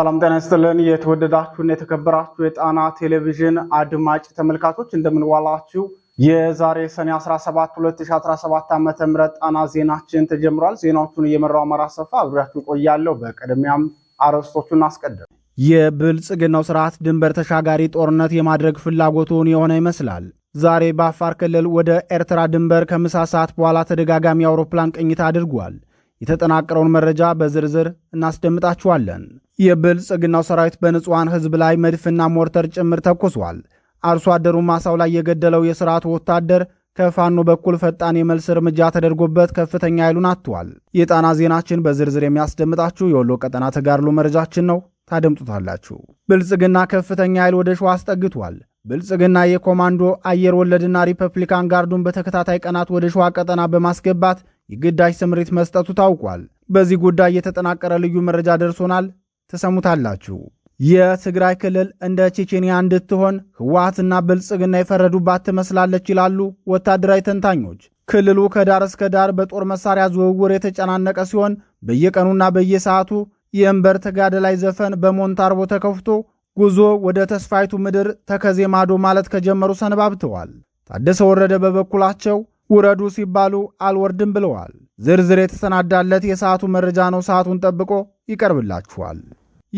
ሰላም ጤና ይስጥልን። የተወደዳችሁና የተከበራችሁ የጣና ቴሌቪዥን አድማጭ ተመልካቾች እንደምንዋላችሁ። የዛሬ ሰኔ 17 2017 ዓ ም ጣና ዜናችን ተጀምሯል። ዜናዎቹን እየመራው አማራ ሰፋ አብሬያችሁ ቆያለሁ። በቅድሚያም አርዕስቶቹን አስቀድም። የብልጽግናው ስርዓት ድንበር ተሻጋሪ ጦርነት የማድረግ ፍላጎቱን የሆነ ይመስላል። ዛሬ በአፋር ክልል ወደ ኤርትራ ድንበር ከምሳ ሰዓት በኋላ ተደጋጋሚ አውሮፕላን ቅኝት አድርጓል። የተጠናቀረውን መረጃ በዝርዝር እናስደምጣችኋለን። የብልጽግናው ሰራዊት በንጹሐን ሕዝብ ላይ መድፍና ሞርተር ጭምር ተኩሷል። አርሶ አደሩ ማሳው ላይ የገደለው የስርዓቱ ወታደር ከፋኖ በኩል ፈጣን የመልስ እርምጃ ተደርጎበት ከፍተኛ ኃይሉን አጥቷል። የጣና ዜናችን በዝርዝር የሚያስደምጣችሁ የወሎ ቀጠና ተጋድሎ መረጃችን ነው። ታደምጡታላችሁ። ብልጽግና ከፍተኛ ኃይል ወደ ሸዋ አስጠግቷል። ብልጽግና የኮማንዶ አየር ወለድና ሪፐብሊካን ጋርዱን በተከታታይ ቀናት ወደ ሸዋ ቀጠና በማስገባት የግዳጅ ስምሪት መስጠቱ ታውቋል። በዚህ ጉዳይ የተጠናቀረ ልዩ መረጃ ደርሶናል፣ ትሰሙታላችሁ። የትግራይ ክልል እንደ ቼቼንያ እንድትሆን ህወሓትና ብልጽግና የፈረዱባት ትመስላለች ይላሉ ወታደራዊ ተንታኞች። ክልሉ ከዳር እስከ ዳር በጦር መሳሪያ ዝውውር የተጨናነቀ ሲሆን በየቀኑና በየሰዓቱ የእንበር ተጋደላይ ዘፈን በሞንታርቦ ተከፍቶ ጉዞ ወደ ተስፋይቱ ምድር ተከዜ ማዶ ማለት ከጀመሩ ሰነባብተዋል። ታደሰ ወረደ በበኩላቸው ውረዱ ሲባሉ አልወርድም ብለዋል። ዝርዝር የተሰናዳለት የሰዓቱ መረጃ ነው። ሰዓቱን ጠብቆ ይቀርብላችኋል።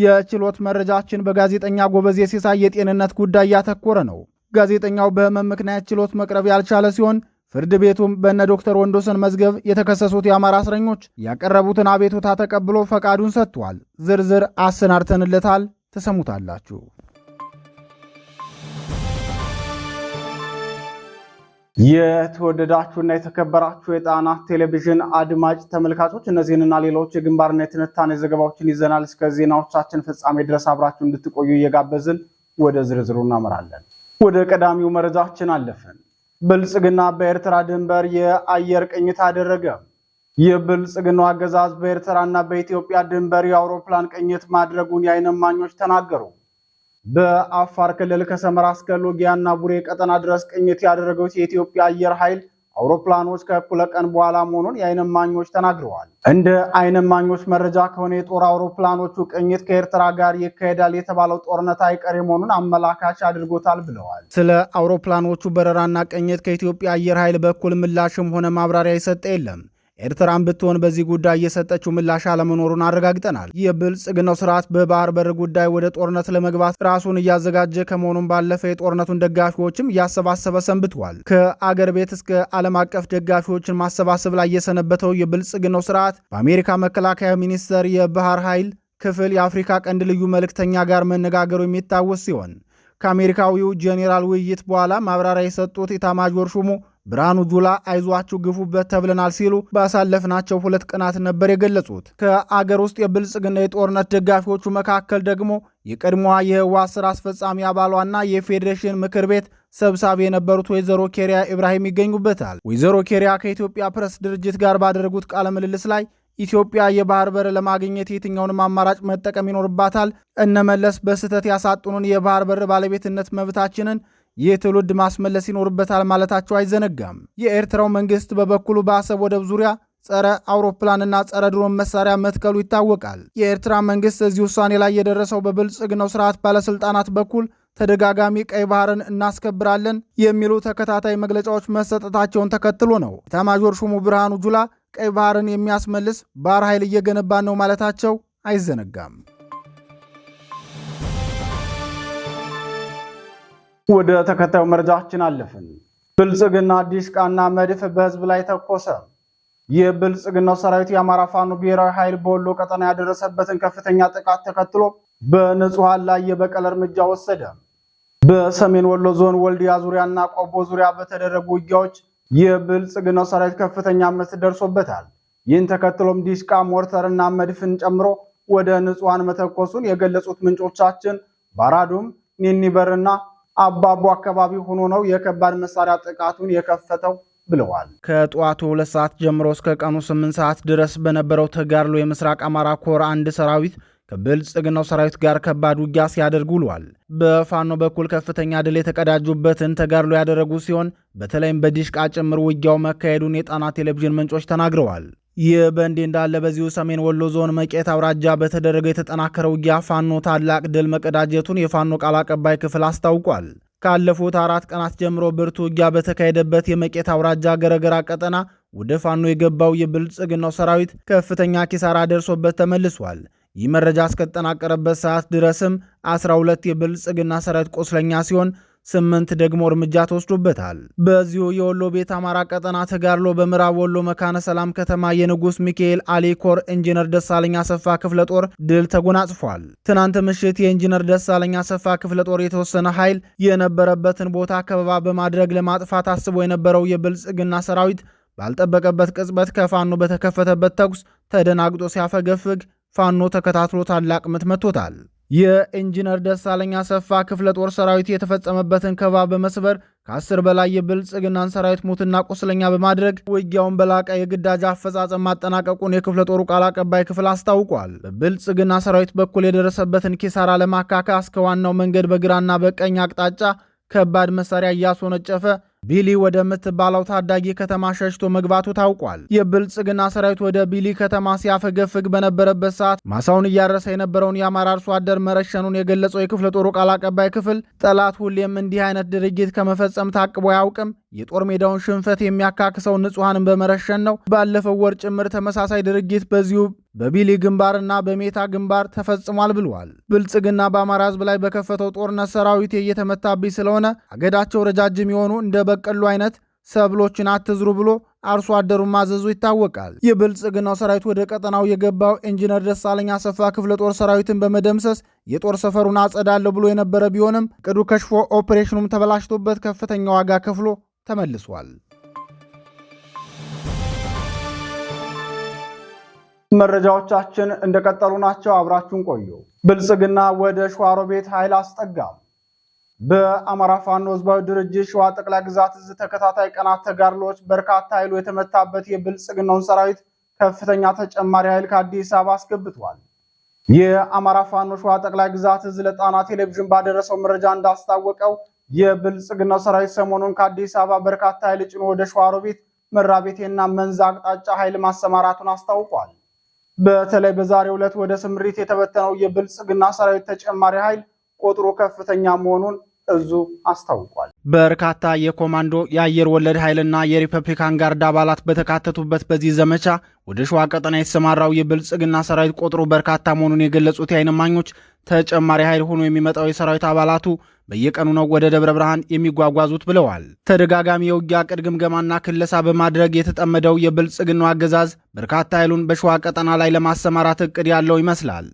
የችሎት መረጃችን በጋዜጠኛ ጎበዜ ሲሳይ የጤንነት ጉዳይ ያተኮረ ነው። ጋዜጠኛው በህመም ምክንያት ችሎት መቅረብ ያልቻለ ሲሆን ፍርድ ቤቱም በእነ ዶክተር ወንዶሰን መዝገብ የተከሰሱት የአማራ እስረኞች ያቀረቡትን አቤቱታ ተቀብሎ ፈቃዱን ሰጥቷል። ዝርዝር አሰናድተንለታል። ተሰሙታላችሁ። የተወደዳችሁና የተከበራችሁ የጣና ቴሌቪዥን አድማጭ ተመልካቾች እነዚህንና ሌሎች የግንባርና የትንታኔ ዘገባዎችን ይዘናል። እስከ ዜናዎቻችን ፍጻሜ ድረስ አብራችሁ እንድትቆዩ እየጋበዝን ወደ ዝርዝሩ እናመራለን። ወደ ቀዳሚው መረጃችን አለፍን። ብልጽግና በኤርትራ ድንበር የአየር ቅኝት አደረገ። የብልጽግናው አገዛዝ በኤርትራና በኢትዮጵያ ድንበር የአውሮፕላን ቅኝት ማድረጉን የዓይን እማኞች ተናገሩ። በአፋር ክልል ከሰመራ እስከ ሎጊያና ቡሬ ቀጠና ድረስ ቅኝት ያደረገው የኢትዮጵያ አየር ኃይል አውሮፕላኖች ከእኩለ ቀን በኋላ መሆኑን የአይን እማኞች ተናግረዋል። እንደ አይን እማኞች መረጃ ከሆነ የጦር አውሮፕላኖቹ ቅኝት ከኤርትራ ጋር ይካሄዳል የተባለው ጦርነት አይቀሬ መሆኑን አመላካች አድርጎታል ብለዋል። ስለ አውሮፕላኖቹ በረራና ቅኝት ከኢትዮጵያ አየር ኃይል በኩል ምላሽም ሆነ ማብራሪያ የሰጠ የለም። ኤርትራን ብትሆን በዚህ ጉዳይ እየሰጠችው ምላሽ አለመኖሩን አረጋግጠናል። የብልጽግናው ስርዓት በባህር በር ጉዳይ ወደ ጦርነት ለመግባት ራሱን እያዘጋጀ ከመሆኑም ባለፈ የጦርነቱን ደጋፊዎችም እያሰባሰበ ሰንብቷል። ከአገር ቤት እስከ ዓለም አቀፍ ደጋፊዎችን ማሰባሰብ ላይ የሰነበተው የብልጽግናው ስርዓት በአሜሪካ መከላከያ ሚኒስቴር የባህር ኃይል ክፍል የአፍሪካ ቀንድ ልዩ መልእክተኛ ጋር መነጋገሩ የሚታወስ ሲሆን ከአሜሪካዊው ጄኔራል ውይይት በኋላ ማብራሪያ የሰጡት ኢታማዦር ሹሙ ብርሃኑ ጁላ አይዟችሁ ግፉበት ተብለናል ሲሉ ባሳለፍናቸው ሁለት ቀናት ነበር የገለጹት። ከአገር ውስጥ የብልጽግና የጦርነት ደጋፊዎቹ መካከል ደግሞ የቀድሞዋ የህወሓት ስራ አስፈጻሚ አባሏና የፌዴሬሽን ምክር ቤት ሰብሳቢ የነበሩት ወይዘሮ ኬሪያ ኢብራሂም ይገኙበታል። ወይዘሮ ኬሪያ ከኢትዮጵያ ፕሬስ ድርጅት ጋር ባደረጉት ቃለ ምልልስ ላይ ኢትዮጵያ የባህር በር ለማግኘት የትኛውንም አማራጭ መጠቀም ይኖርባታል፣ እነመለስ በስህተት ያሳጡንን የባህር በር ባለቤትነት መብታችንን ይህ ትውልድ ማስመለስ ይኖርበታል ማለታቸው አይዘነጋም። የኤርትራው መንግስት በበኩሉ በአሰብ ወደብ ዙሪያ ጸረ አውሮፕላንና ጸረ ድሮን መሳሪያ መትከሉ ይታወቃል። የኤርትራ መንግስት እዚህ ውሳኔ ላይ የደረሰው በብልጽግናው ስርዓት ባለስልጣናት በኩል ተደጋጋሚ ቀይ ባህርን እናስከብራለን የሚሉ ተከታታይ መግለጫዎች መሰጠታቸውን ተከትሎ ነው። ኤታማዦር ሹሙ ብርሃኑ ጁላ ቀይ ባህርን የሚያስመልስ ባህር ኃይል እየገነባን ነው ማለታቸው አይዘነጋም። ወደ ተከታዩ መረጃችን አለፍን። ብልጽግና አዲስ ቃና መድፍ በህዝብ ላይ ተኮሰ። የብልጽግናው ሰራዊት የአማራ ፋኖ ብሔራዊ ኃይል በወሎ ቀጠና ያደረሰበትን ከፍተኛ ጥቃት ተከትሎ በንጹሐን ላይ የበቀል እርምጃ ወሰደ። በሰሜን ወሎ ዞን ወልዲያ ዙሪያና ቆቦ ዙሪያ በተደረጉ ውጊያዎች የብልጽግናው ሰራዊት ከፍተኛ ምት ደርሶበታል። ይህን ተከትሎም ዲሽቃ፣ ሞርተርና መድፍን ጨምሮ ወደ ንጹሐን መተኮሱን የገለጹት ምንጮቻችን ባራዱም ኒኒበርና አባቦ አካባቢ ሆኖ ነው የከባድ መሳሪያ ጥቃቱን የከፈተው ብለዋል። ከጠዋቱ ሁለት ሰዓት ጀምሮ እስከ ቀኑ ስምንት ሰዓት ድረስ በነበረው ተጋድሎ የምስራቅ አማራ ኮር አንድ ሰራዊት ከብልጽግናው ሰራዊት ጋር ከባድ ውጊያ ሲያደርጉ ውሏል። በፋኖ በኩል ከፍተኛ ድል የተቀዳጁበትን ተጋድሎ ያደረጉ ሲሆን በተለይም በዲሽቃ ጭምር ውጊያው መካሄዱን የጣና ቴሌቪዥን ምንጮች ተናግረዋል። ይህ በእንዲህ እንዳለ በዚሁ ሰሜን ወሎ ዞን መቄት አውራጃ በተደረገ የተጠናከረ ውጊያ ፋኖ ታላቅ ድል መቀዳጀቱን የፋኖ ቃል አቀባይ ክፍል አስታውቋል። ካለፉት አራት ቀናት ጀምሮ ብርቱ ውጊያ በተካሄደበት የመቄት አውራጃ ገረገራ ቀጠና ወደ ፋኖ የገባው የብልጽግናው ሰራዊት ከፍተኛ ኪሳራ ደርሶበት ተመልሷል። ይህ መረጃ እስከተጠናቀረበት ሰዓት ድረስም 12 የብልጽግና ሰራዊት ቆስለኛ ሲሆን ስምንት ደግሞ እርምጃ ተወስዶበታል። በዚሁ የወሎ ቤት አማራ ቀጠና ተጋድሎ በምዕራብ ወሎ መካነ ሰላም ከተማ የንጉስ ሚካኤል አሊኮር ኢንጂነር ደሳለኝ አሰፋ ክፍለ ጦር ድል ተጎናጽፏል። ትናንት ምሽት የኢንጂነር ደሳለኝ አሰፋ ክፍለ ጦር የተወሰነ ኃይል የነበረበትን ቦታ ከበባ በማድረግ ለማጥፋት አስቦ የነበረው የብልጽግና ሰራዊት ባልጠበቀበት ቅጽበት ከፋኖ በተከፈተበት ተኩስ ተደናግጦ ሲያፈገፍግ ፋኖ ተከታትሎ ታላቅ ምት መቶታል። የኢንጂነር ደሳለኝ አሰፋ ክፍለ ጦር ሰራዊት የተፈጸመበትን ከባ በመስበር ከአስር በላይ የብልጽግናን ሰራዊት ሙትና ቁስለኛ በማድረግ ውጊያውን በላቀ የግዳጅ አፈጻጸም ማጠናቀቁን የክፍለ ጦሩ ቃል አቀባይ ክፍል አስታውቋል። በብልጽግና ሰራዊት በኩል የደረሰበትን ኪሳራ ለማካካስ ከዋናው መንገድ በግራና በቀኝ አቅጣጫ ከባድ መሳሪያ እያስወነጨፈ ቢሊ ወደምትባለው ታዳጊ ከተማ ሸሽቶ መግባቱ ታውቋል። የብልጽግና ሰራዊት ወደ ቢሊ ከተማ ሲያፈገፍግ በነበረበት ሰዓት ማሳውን እያረሰ የነበረውን የአማራ አርሶ አደር መረሸኑን የገለጸው የክፍለ ጦሩ ቃል አቀባይ ክፍል ጠላት ሁሌም እንዲህ አይነት ድርጊት ከመፈጸም ታቅቦ አያውቅም። የጦር ሜዳውን ሽንፈት የሚያካክሰው ንጹሐንን በመረሸን ነው። ባለፈው ወር ጭምር ተመሳሳይ ድርጊት በዚሁ በቢሊ ግንባርና በሜታ ግንባር ተፈጽሟል ብለዋል። ብልጽግና በአማራ ህዝብ ላይ በከፈተው ጦርነት ሰራዊት እየተመታብኝ ስለሆነ አገዳቸው ረጃጅም የሆኑ እንደ በቀሉ አይነት ሰብሎችን አትዝሩ ብሎ አርሶ አደሩን ማዘዙ ይታወቃል። የብልጽግናው ሰራዊት ወደ ቀጠናው የገባው ኢንጂነር ደሳለኝ አሰፋ ክፍለ ጦር ሰራዊትን በመደምሰስ የጦር ሰፈሩን አጸዳለሁ ብሎ የነበረ ቢሆንም ቅዱ ከሽፎ ኦፕሬሽኑም ተበላሽቶበት ከፍተኛ ዋጋ ከፍሎ ተመልሷል። መረጃዎቻችን እንደቀጠሉ ናቸው። አብራችሁን ቆዩ። ብልጽግና ወደ ሸዋሮቤት ኃይል አስጠጋም። በአማራ ፋኖ ህዝባዊ ድርጅት ሸዋ ጠቅላይ ግዛት እዝ ተከታታይ ቀናት ተጋድሎዎች በርካታ ኃይሉ የተመታበት የብልጽግናውን ሰራዊት ከፍተኛ ተጨማሪ ኃይል ከአዲስ አበባ አስገብቷል። የአማራ ፋኖ ሸዋ ጠቅላይ ግዛት እዝ ለጣና ቴሌቪዥን ባደረሰው መረጃ እንዳስታወቀው የብልጽግናው ሰራዊት ሰሞኑን ከአዲስ አበባ በርካታ ኃይል ጭኖ ወደ ሸዋሮቤት መራቤቴና መንዛ አቅጣጫ ኃይል ማሰማራቱን አስታውቋል። በተለይ በዛሬው ዕለት ወደ ስምሪት የተበተነው የብልጽግና ሰራዊት ተጨማሪ ኃይል ቁጥሩ ከፍተኛ መሆኑን እዙ አስታውቋል። በርካታ የኮማንዶ የአየር ወለድ ኃይልና የሪፐብሊካን ጋርድ አባላት በተካተቱበት በዚህ ዘመቻ ወደ ሸዋ ቀጠና የተሰማራው የብልጽግና ሰራዊት ቁጥሩ በርካታ መሆኑን የገለጹት የዓይን እማኞች ተጨማሪ ኃይል ሆኖ የሚመጣው የሰራዊት አባላቱ በየቀኑ ነው ወደ ደብረ ብርሃን የሚጓጓዙት ብለዋል። ተደጋጋሚ የውጊያ ቅድ ግምገማና ክለሳ በማድረግ የተጠመደው የብልጽግናው አገዛዝ በርካታ ኃይሉን በሸዋ ቀጠና ላይ ለማሰማራት እቅድ ያለው ይመስላል።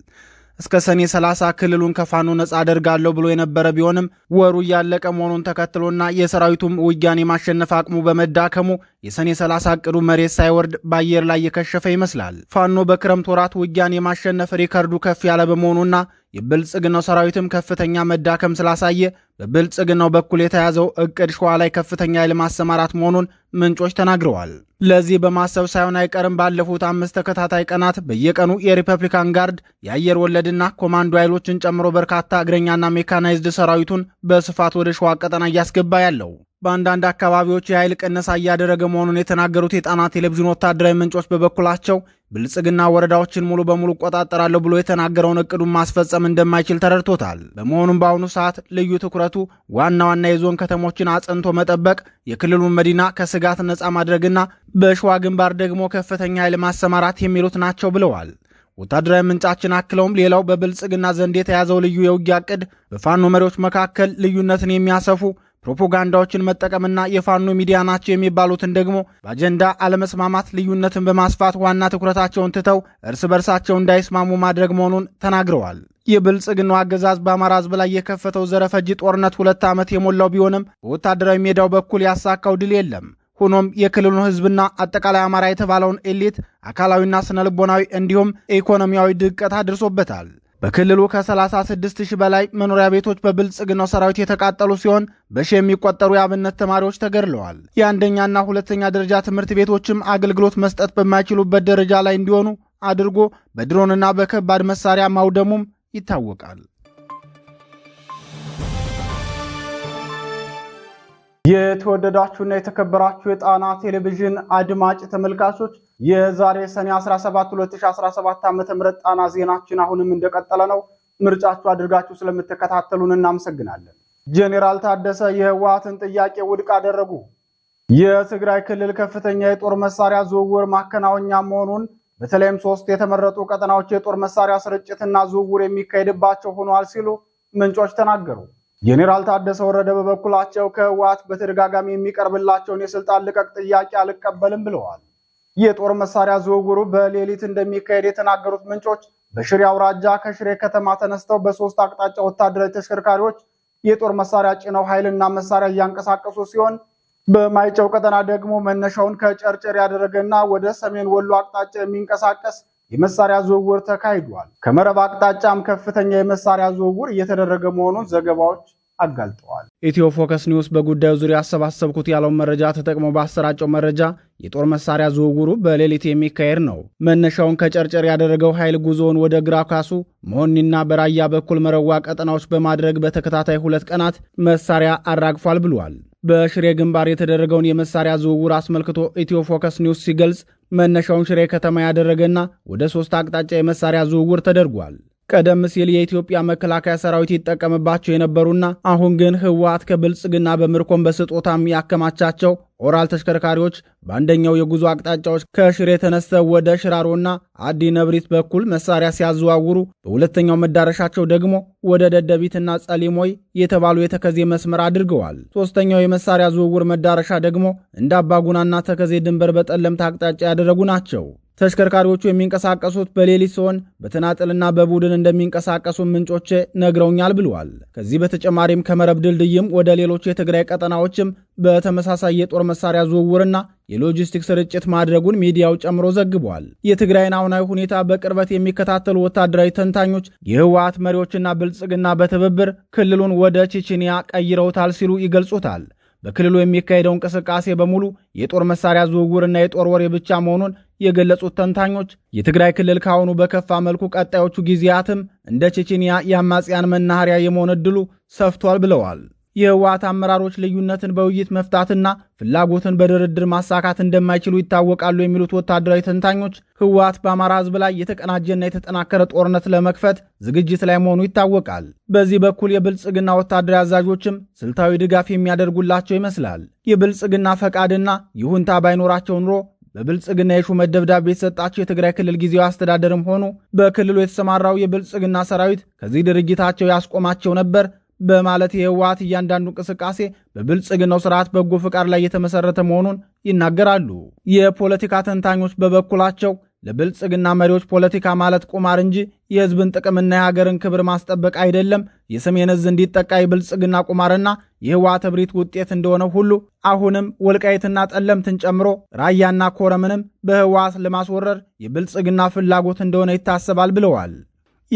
እስከ ሰኔ 30 ክልሉን ከፋኖ ነጻ አደርጋለሁ ብሎ የነበረ ቢሆንም ወሩ እያለቀ መሆኑን ተከትሎና የሰራዊቱም ውጊያን የማሸነፍ አቅሙ በመዳከሙ የሰኔ 30 እቅዱ መሬት ሳይወርድ በአየር ላይ የከሸፈ ይመስላል። ፋኖ በክረምት ወራት ውጊያን የማሸነፍ ሪከርዱ ከፍ ያለ በመሆኑና የብልጽግናው ሰራዊትም ከፍተኛ መዳከም ስላሳየ በብልጽግናው በኩል የተያዘው እቅድ ሸዋ ላይ ከፍተኛ ኃይል ማሰማራት መሆኑን ምንጮች ተናግረዋል። ለዚህ በማሰብ ሳይሆን አይቀርም ባለፉት አምስት ተከታታይ ቀናት በየቀኑ የሪፐብሊካን ጋርድ የአየር ወለድና ኮማንዶ ኃይሎችን ጨምሮ በርካታ እግረኛና ሜካናይዝድ ሰራዊቱን በስፋት ወደ ሸዋ ቀጠና እያስገባ ያለው በአንዳንድ አካባቢዎች የኃይል ቅነሳ እያደረገ መሆኑን የተናገሩት የጣና ቴሌቪዥን ወታደራዊ ምንጮች በበኩላቸው ብልጽግና ወረዳዎችን ሙሉ በሙሉ እቆጣጠራለሁ ብሎ የተናገረውን እቅዱን ማስፈጸም እንደማይችል ተረድቶታል። በመሆኑም በአሁኑ ሰዓት ልዩ ትኩረቱ ዋና ዋና የዞን ከተሞችን አጽንቶ መጠበቅ፣ የክልሉን መዲና ከስጋት ነፃ ማድረግና በሸዋ ግንባር ደግሞ ከፍተኛ ኃይል ማሰማራት የሚሉት ናቸው ብለዋል። ወታደራዊ ምንጫችን አክለውም ሌላው በብልጽግና ዘንድ የተያዘው ልዩ የውጊያ እቅድ በፋኖ መሪዎች መካከል ልዩነትን የሚያሰፉ ፕሮፓጋንዳዎችን መጠቀምና የፋኖ ሚዲያ ናቸው የሚባሉትን ደግሞ በአጀንዳ አለመስማማት ልዩነትን በማስፋት ዋና ትኩረታቸውን ትተው እርስ በርሳቸው እንዳይስማሙ ማድረግ መሆኑን ተናግረዋል። የብልጽግናው አገዛዝ በአማራ ሕዝብ ላይ የከፈተው ዘረፈጅ ጦርነት ሁለት ዓመት የሞላው ቢሆንም በወታደራዊ ሜዳው በኩል ያሳካው ድል የለም። ሆኖም የክልሉን ሕዝብና አጠቃላይ አማራ የተባለውን ኤሊት አካላዊና ስነልቦናዊ እንዲሁም ኢኮኖሚያዊ ድቀት አድርሶበታል። በክልሉ ከ36 ሺህ በላይ መኖሪያ ቤቶች በብልጽግናው ሰራዊት የተቃጠሉ ሲሆን በሺ የሚቆጠሩ የአብነት ተማሪዎች ተገድለዋል። የአንደኛና ሁለተኛ ደረጃ ትምህርት ቤቶችም አገልግሎት መስጠት በማይችሉበት ደረጃ ላይ እንዲሆኑ አድርጎ በድሮንና በከባድ መሳሪያ ማውደሙም ይታወቃል። የተወደዳችሁና የተከበራችሁ የጣና ቴሌቪዥን አድማጭ ተመልካቾች የዛሬ ሰኔ 17 2017 ዓ ም ጣና ዜናችን አሁንም እንደቀጠለ ነው። ምርጫችሁ አድርጋችሁ ስለምትከታተሉን እናመሰግናለን። ጄኔራል ታደሰ የህወሓትን ጥያቄ ውድቅ አደረጉ። የትግራይ ክልል ከፍተኛ የጦር መሳሪያ ዝውውር ማከናወኛ መሆኑን በተለይም ሶስት የተመረጡ ቀጠናዎች የጦር መሳሪያ ስርጭትና ዝውውር የሚካሄድባቸው ሆነዋል ሲሉ ምንጮች ተናገሩ። ጄኔራል ታደሰ ወረደ በበኩላቸው ከህወሓት በተደጋጋሚ የሚቀርብላቸውን የስልጣን ልቀቅ ጥያቄ አልቀበልም ብለዋል። የጦር መሳሪያ ዝውውሩ በሌሊት እንደሚካሄድ የተናገሩት ምንጮች በሽሬ አውራጃ ከሽሬ ከተማ ተነስተው በሶስት አቅጣጫ ወታደራዊ ተሽከርካሪዎች የጦር መሳሪያ ጭነው ኃይልና መሳሪያ እያንቀሳቀሱ ሲሆን በማይጨው ቀጠና ደግሞ መነሻውን ከጨርጨር ያደረገና ወደ ሰሜን ወሎ አቅጣጫ የሚንቀሳቀስ የመሳሪያ ዝውውር ተካሂዷል። ከመረብ አቅጣጫም ከፍተኛ የመሳሪያ ዝውውር እየተደረገ መሆኑን ዘገባዎች አጋልጠዋል። ኢትዮ ፎከስ ኒውስ በጉዳዩ ዙሪያ አሰባሰብኩት ያለውን መረጃ ተጠቅሞ ባሰራጨው መረጃ የጦር መሳሪያ ዝውውሩ በሌሊት የሚካሄድ ነው። መነሻውን ከጨርጨር ያደረገው ኃይል ጉዞውን ወደ ግራ ካሱ፣ መሆኒና በራያ በኩል መረዋ ቀጠናዎች በማድረግ በተከታታይ ሁለት ቀናት መሳሪያ አራግፏል ብሏል። በሽሬ ግንባር የተደረገውን የመሳሪያ ዝውውር አስመልክቶ ኢትዮ ፎከስ ኒውስ ሲገልጽ መነሻውን ሽሬ ከተማ ያደረገና ወደ ሶስት አቅጣጫ የመሳሪያ ዝውውር ተደርጓል። ቀደም ሲል የኢትዮጵያ መከላከያ ሰራዊት ይጠቀምባቸው የነበሩና አሁን ግን ህወሓት ከብልጽግና በምርኮን በስጦታም ያከማቻቸው ኦራል ተሽከርካሪዎች በአንደኛው የጉዞ አቅጣጫዎች ከሽሬ ተነስተው ወደ ሽራሮና አዲ ነብሪት በኩል መሳሪያ ሲያዘዋውሩ፣ በሁለተኛው መዳረሻቸው ደግሞ ወደ ደደቢትና ጸሊሞይ የተባሉ የተከዜ መስመር አድርገዋል። ሦስተኛው የመሳሪያ ዝውውር መዳረሻ ደግሞ እንደ አባጉናና ተከዜ ድንበር በጠለምት አቅጣጫ ያደረጉ ናቸው። ተሽከርካሪዎቹ የሚንቀሳቀሱት በሌሊት ሲሆን በተናጠልና በቡድን እንደሚንቀሳቀሱ ምንጮች ነግረውኛል ብለዋል። ከዚህ በተጨማሪም ከመረብ ድልድይም ወደ ሌሎች የትግራይ ቀጠናዎችም በተመሳሳይ የጦር መሳሪያ ዝውውርና የሎጂስቲክ ስርጭት ማድረጉን ሚዲያው ጨምሮ ዘግቧል። የትግራይን አሁናዊ ሁኔታ በቅርበት የሚከታተሉ ወታደራዊ ተንታኞች የህወሓት መሪዎችና ብልጽግና በትብብር ክልሉን ወደ ቼቼንያ ቀይረውታል ሲሉ ይገልጹታል። በክልሉ የሚካሄደው እንቅስቃሴ በሙሉ የጦር መሳሪያ ዝውውርና የጦር ወሬ ብቻ መሆኑን የገለጹት ተንታኞች የትግራይ ክልል ካሁኑ በከፋ መልኩ ቀጣዮቹ ጊዜያትም እንደ ቼቼንያ የአማጽያን መናኸሪያ የመሆን ዕድሉ ሰፍቷል ብለዋል። የህወሓት አመራሮች ልዩነትን በውይይት መፍታትና ፍላጎትን በድርድር ማሳካት እንደማይችሉ ይታወቃሉ የሚሉት ወታደራዊ ተንታኞች ህወሓት በአማራ ህዝብ ላይ የተቀናጀና የተጠናከረ ጦርነት ለመክፈት ዝግጅት ላይ መሆኑ ይታወቃል። በዚህ በኩል የብልጽግና ወታደራዊ አዛዦችም ስልታዊ ድጋፍ የሚያደርጉላቸው ይመስላል። የብልጽግና ፈቃድና ይሁንታ ባይኖራቸው ኑሮ በብልጽግና የሹመት ደብዳቤ የተሰጣቸው የትግራይ ክልል ጊዜያዊ አስተዳደርም ሆኑ በክልሉ የተሰማራው የብልጽግና ሰራዊት ከዚህ ድርጅታቸው ያስቆማቸው ነበር በማለት የህወሓት እያንዳንዱ እንቅስቃሴ በብልጽግናው ስርዓት በጎ ፍቃድ ላይ የተመሰረተ መሆኑን ይናገራሉ። የፖለቲካ ተንታኞች በበኩላቸው ለብልጽግና መሪዎች ፖለቲካ ማለት ቁማር እንጂ የህዝብን ጥቅምና የሀገርን ክብር ማስጠበቅ አይደለም። የሰሜን ዕዝ እንዲጠቃ የብልጽግና ቁማርና የህወሓት እብሪት ውጤት እንደሆነ ሁሉ አሁንም ወልቃይትና ጠለምትን ጨምሮ ራያና ኮረምንም በህወሓት ለማስወረር የብልጽግና ፍላጎት እንደሆነ ይታሰባል ብለዋል።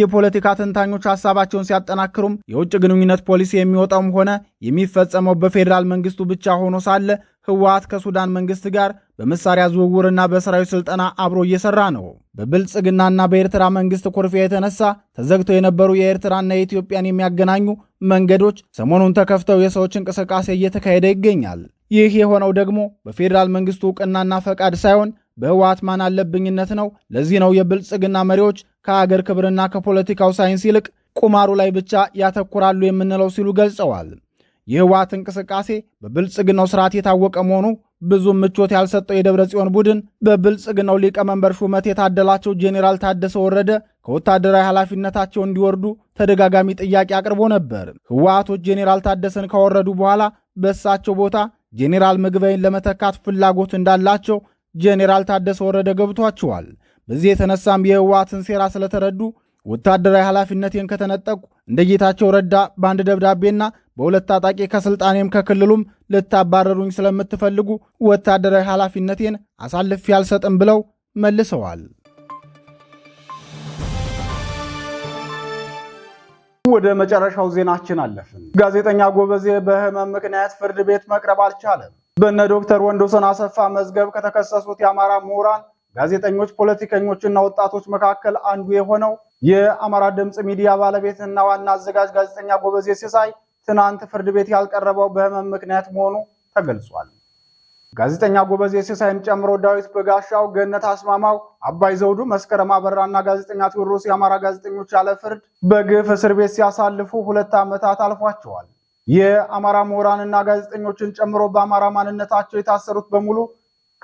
የፖለቲካ ተንታኞች ሀሳባቸውን ሲያጠናክሩም የውጭ ግንኙነት ፖሊሲ የሚወጣውም ሆነ የሚፈጸመው በፌዴራል መንግስቱ ብቻ ሆኖ ሳለ ህወሓት ከሱዳን መንግስት ጋር በመሳሪያ ዝውውርና በሰራዊት ስልጠና አብሮ እየሰራ ነው። በብልጽግናና በኤርትራ መንግስት ኩርፊያ የተነሳ ተዘግተው የነበሩ የኤርትራና የኢትዮጵያን የሚያገናኙ መንገዶች ሰሞኑን ተከፍተው የሰዎች እንቅስቃሴ እየተካሄደ ይገኛል። ይህ የሆነው ደግሞ በፌዴራል መንግስቱ እውቅናና ፈቃድ ሳይሆን በህወሓት ማን አለብኝነት ነው። ለዚህ ነው የብልጽግና መሪዎች ከአገር ክብርና ከፖለቲካው ሳይንስ ይልቅ ቁማሩ ላይ ብቻ ያተኩራሉ የምንለው ሲሉ ገልጸዋል። የህወሓት እንቅስቃሴ በብልጽግናው ስርዓት የታወቀ መሆኑ ብዙም ምቾት ያልሰጠው የደብረ ጽዮን ቡድን በብልጽግናው ሊቀመንበር ሹመት የታደላቸው ጄኔራል ታደሰ ወረደ ከወታደራዊ ኃላፊነታቸው እንዲወርዱ ተደጋጋሚ ጥያቄ አቅርቦ ነበር። ህወሓቶች ጄኔራል ታደሰን ካወረዱ በኋላ በእሳቸው ቦታ ጄኔራል ምግበይን ለመተካት ፍላጎት እንዳላቸው ጄኔራል ታደሰ ወረደ ገብቷቸዋል። በዚህ የተነሳም የህወሓትን ሴራ ስለተረዱ ወታደራዊ ኃላፊነቴን ከተነጠቅኩ እንደ ጌታቸው ረዳ በአንድ ደብዳቤና በሁለት ታጣቂ ከስልጣኔም ከክልሉም ልታባረሩኝ ስለምትፈልጉ ወታደራዊ ኃላፊነቴን አሳልፌ አልሰጥም ብለው መልሰዋል። ወደ መጨረሻው ዜናችን አለፍን። ጋዜጠኛ ጎበዜ በህመም ምክንያት ፍርድ ቤት መቅረብ አልቻለም። በነ ዶክተር ወንዶሰን አሰፋ መዝገብ ከተከሰሱት የአማራ ምሁራን፣ ጋዜጠኞች፣ ፖለቲከኞችና ወጣቶች መካከል አንዱ የሆነው የአማራ ድምፅ ሚዲያ ባለቤትና ዋና አዘጋጅ ጋዜጠኛ ጎበዜ ሲሳይ ትናንት ፍርድ ቤት ያልቀረበው በህመም ምክንያት መሆኑ ተገልጿል። ጋዜጠኛ ጎበዜ ሲሳይን ጨምሮ ዳዊት በጋሻው፣ ገነት አስማማው፣ አባይ ዘውዱ፣ መስከረም አበራና ጋዜጠኛ ቴዎድሮስ የአማራ ጋዜጠኞች ያለ ፍርድ በግፍ እስር ቤት ሲያሳልፉ ሁለት ዓመታት አልፏቸዋል። የአማራ ምሁራንና ጋዜጠኞችን ጨምሮ በአማራ ማንነታቸው የታሰሩት በሙሉ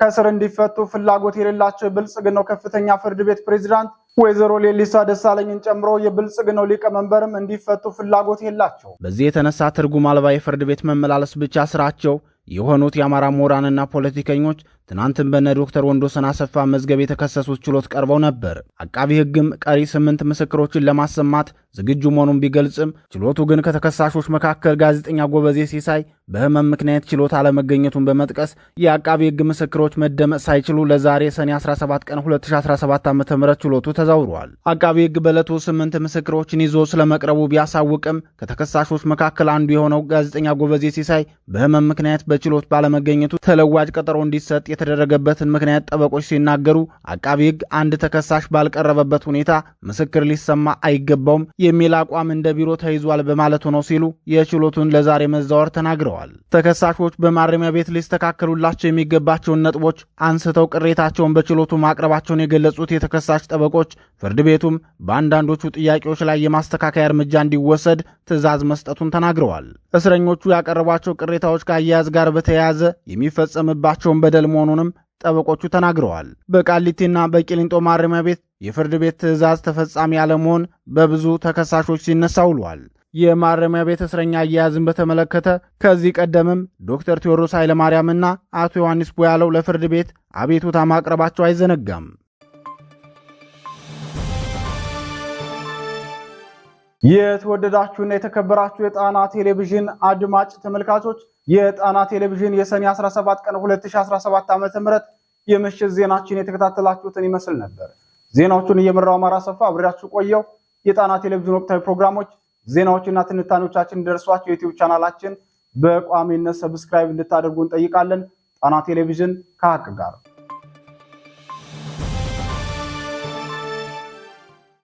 ከስር እንዲፈቱ ፍላጎት የሌላቸው የብልጽግናው ከፍተኛ ፍርድ ቤት ፕሬዚዳንት ወይዘሮ ሌሊሳ ደሳለኝን ጨምሮ የብልጽግናው ሊቀመንበርም እንዲፈቱ ፍላጎት የላቸው። በዚህ የተነሳ ትርጉም አልባ የፍርድ ቤት መመላለስ ብቻ ስራቸው የሆኑት የአማራ ምሁራንና ፖለቲከኞች ትናንትም በነ ዶክተር ወንዶሰን አሰፋ መዝገብ የተከሰሱት ችሎት ቀርበው ነበር። አቃቢ ሕግም ቀሪ ስምንት ምስክሮችን ለማሰማት ዝግጁ መሆኑን ቢገልጽም ችሎቱ ግን ከተከሳሾች መካከል ጋዜጠኛ ጎበዜ ሲሳይ በህመም ምክንያት ችሎት አለመገኘቱን በመጥቀስ የአቃቢ ሕግ ምስክሮች መደመጥ ሳይችሉ ለዛሬ ሰኔ 17 ቀን 2017 ዓ ም ችሎቱ ተዛውሯል። አቃቢ ሕግ በዕለቱ ስምንት ምስክሮችን ይዞ ስለመቅረቡ ቢያሳውቅም ከተከሳሾች መካከል አንዱ የሆነው ጋዜጠኛ ጎበዜ ሲሳይ በህመም ምክንያት በችሎት ባለመገኘቱ ተለዋጭ ቀጠሮ እንዲሰጥ የተደረገበትን ምክንያት ጠበቆች ሲናገሩ አቃቢ ሕግ አንድ ተከሳሽ ባልቀረበበት ሁኔታ ምስክር ሊሰማ አይገባውም የሚል አቋም እንደ ቢሮ ተይዟል በማለቱ ነው ሲሉ የችሎቱን ለዛሬ መዛወር ተናግረዋል። ተከሳሾች በማረሚያ ቤት ሊስተካከሉላቸው የሚገባቸውን ነጥቦች አንስተው ቅሬታቸውን በችሎቱ ማቅረባቸውን የገለጹት የተከሳሽ ጠበቆች ፍርድ ቤቱም በአንዳንዶቹ ጥያቄዎች ላይ የማስተካከያ እርምጃ እንዲወሰድ ትዕዛዝ መስጠቱን ተናግረዋል። እስረኞቹ ያቀረቧቸው ቅሬታዎች ከአያያዝ ጋር በተያያዘ የሚፈጸምባቸውን በደል መሆኑ መሆኑንም ጠበቆቹ ተናግረዋል። በቃሊቲና በቂሊንጦ ማረሚያ ቤት የፍርድ ቤት ትዕዛዝ ተፈጻሚ ያለመሆን በብዙ ተከሳሾች ሲነሳ ውሏል። የማረሚያ ቤት እስረኛ አያያዝን በተመለከተ ከዚህ ቀደምም ዶክተር ቴዎድሮስ ኃይለማርያምና አቶ ዮሐንስ ቦያለው ለፍርድ ቤት አቤቱታ ማቅረባቸው አይዘነጋም። የተወደዳችሁና የተከበራችሁ የጣና ቴሌቪዥን አድማጭ ተመልካቾች የጣና ቴሌቪዥን የሰኔ 17 ቀን 2017 ዓ.ም የምሽት ዜናችን የተከታተላችሁትን ይመስል ነበር። ዜናዎቹን እየመራው አማራ ሰፋ አብሬያችሁ ቆየው። የጣና ቴሌቪዥን ወቅታዊ ፕሮግራሞች፣ ዜናዎችና ትንታኔዎቻችን ደርሷችሁ የዩቲዩብ ቻናላችን በቋሚነት ሰብስክራይብ እንድታደርጉ እንጠይቃለን። ጣና ቴሌቪዥን ከሀቅ ጋር